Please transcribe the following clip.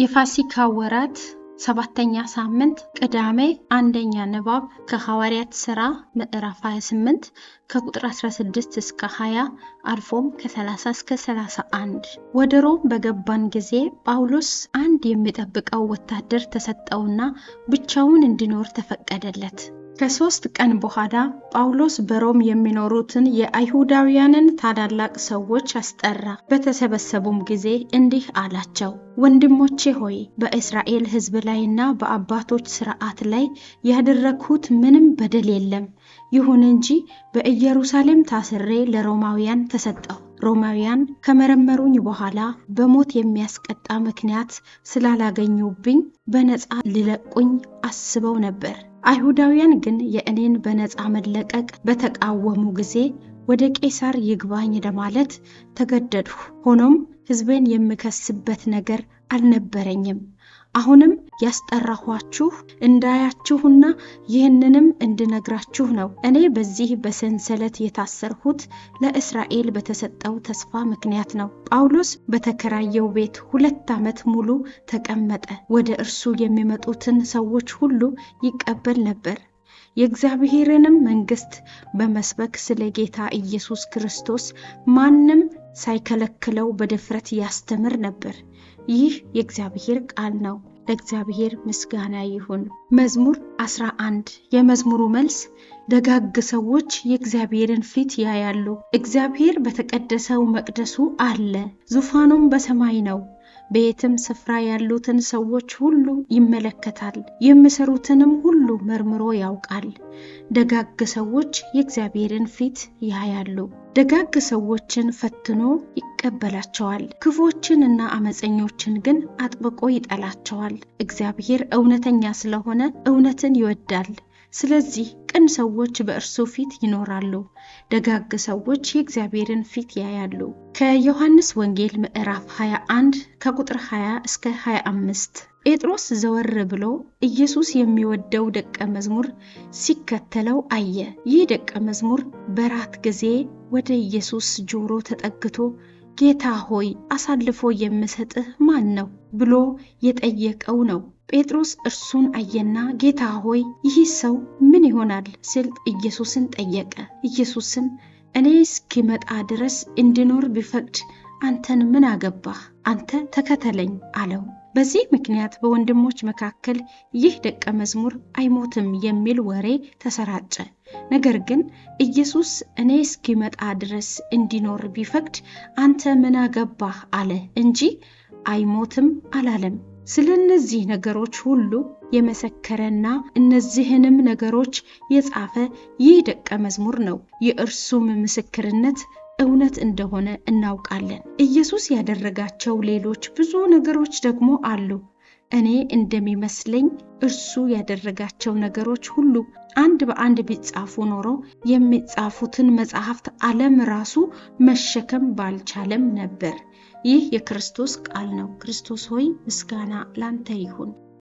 የፋሲካ ወራት ሰባተኛ ሳምንት ቅዳሜ አንደኛ ንባብ ከሐዋርያት ሥራ ምዕራፍ 28 ከቁጥር 16 እስከ 20 አልፎም ከ30 እስከ 31። ወደ ሮም በገባን ጊዜ ጳውሎስ አንድ የሚጠብቀው ወታደር ተሰጠውና ብቻውን እንዲኖር ተፈቀደለት። ከሶስት ቀን በኋላ ጳውሎስ በሮም የሚኖሩትን የአይሁዳውያንን ታላላቅ ሰዎች አስጠራ። በተሰበሰቡም ጊዜ እንዲህ አላቸው፣ ወንድሞቼ ሆይ በእስራኤል ሕዝብ ላይና በአባቶች ሥርዓት ላይ ያደረግሁት ምንም በደል የለም። ይሁን እንጂ በኢየሩሳሌም ታስሬ ለሮማውያን ተሰጠሁ። ሮማውያን ከመረመሩኝ በኋላ በሞት የሚያስቀጣ ምክንያት ስላላገኙብኝ በነፃ ሊለቁኝ አስበው ነበር። አይሁዳውያን ግን የእኔን በነፃ መለቀቅ በተቃወሙ ጊዜ ወደ ቄሳር ይግባኝ ለማለት ተገደድሁ። ሆኖም ሕዝቤን የምከስበት ነገር አልነበረኝም። አሁንም ያስጠራኋችሁ እንዳያችሁና ይህንንም እንድነግራችሁ ነው። እኔ በዚህ በሰንሰለት የታሰርሁት ለእስራኤል በተሰጠው ተስፋ ምክንያት ነው። ጳውሎስ በተከራየው ቤት ሁለት ዓመት ሙሉ ተቀመጠ። ወደ እርሱ የሚመጡትን ሰዎች ሁሉ ይቀበል ነበር። የእግዚአብሔርንም መንግሥት በመስበክ ስለ ጌታ ኢየሱስ ክርስቶስ ማንም ሳይከለክለው በድፍረት ያስተምር ነበር። ይህ የእግዚአብሔር ቃል ነው። ለእግዚአብሔር ምስጋና ይሁን። መዝሙር 11 የመዝሙሩ መልስ ደጋግ ሰዎች የእግዚአብሔርን ፊት ያያሉ። እግዚአብሔር በተቀደሰው መቅደሱ አለ፣ ዙፋኑም በሰማይ ነው። በየትም ስፍራ ያሉትን ሰዎች ሁሉ ይመለከታል፣ የሚሰሩትንም ሁሉ መርምሮ ያውቃል። ደጋግ ሰዎች የእግዚአብሔርን ፊት ያያሉ። ደጋግ ሰዎችን ፈትኖ ይቀበላቸዋል። ክፎችንና አመፀኞችን ግን አጥብቆ ይጠላቸዋል። እግዚአብሔር እውነተኛ ስለሆነ እውነትን ይወዳል። ስለዚህ ቅን ሰዎች በእርሱ ፊት ይኖራሉ፣ ደጋግ ሰዎች የእግዚአብሔርን ፊት ያያሉ። ከዮሐንስ ወንጌል ምዕራፍ 21 ከቁጥር 20 እስከ 25 ጴጥሮስ ዘወር ብሎ ኢየሱስ የሚወደው ደቀ መዝሙር ሲከተለው አየ። ይህ ደቀ መዝሙር በራት ጊዜ ወደ ኢየሱስ ጆሮ ተጠግቶ ጌታ ሆይ አሳልፎ የምሰጥህ ማን ነው ብሎ የጠየቀው ነው። ጴጥሮስ እርሱን አየና ጌታ ሆይ ይህ ሰው ምን ይሆናል ስል ኢየሱስን ጠየቀ። ኢየሱስም እኔ እስኪመጣ ድረስ እንድኖር ቢፈቅድ አንተን ምን አገባህ? አንተ ተከተለኝ አለው። በዚህ ምክንያት በወንድሞች መካከል ይህ ደቀ መዝሙር አይሞትም የሚል ወሬ ተሰራጨ። ነገር ግን ኢየሱስ እኔ እስኪመጣ ድረስ እንዲኖር ቢፈቅድ አንተ ምን አገባህ አለ እንጂ አይሞትም አላለም። ስለ እነዚህ ነገሮች ሁሉ የመሰከረና እነዚህንም ነገሮች የጻፈ ይህ ደቀ መዝሙር ነው። የእርሱም ምስክርነት እውነት እንደሆነ እናውቃለን። ኢየሱስ ያደረጋቸው ሌሎች ብዙ ነገሮች ደግሞ አሉ። እኔ እንደሚመስለኝ እርሱ ያደረጋቸው ነገሮች ሁሉ አንድ በአንድ ቢጻፉ ኖሮ የሚጻፉትን መጽሐፍት ዓለም ራሱ መሸከም ባልቻለም ነበር። ይህ የክርስቶስ ቃል ነው። ክርስቶስ ሆይ ምስጋና ላንተ ይሁን።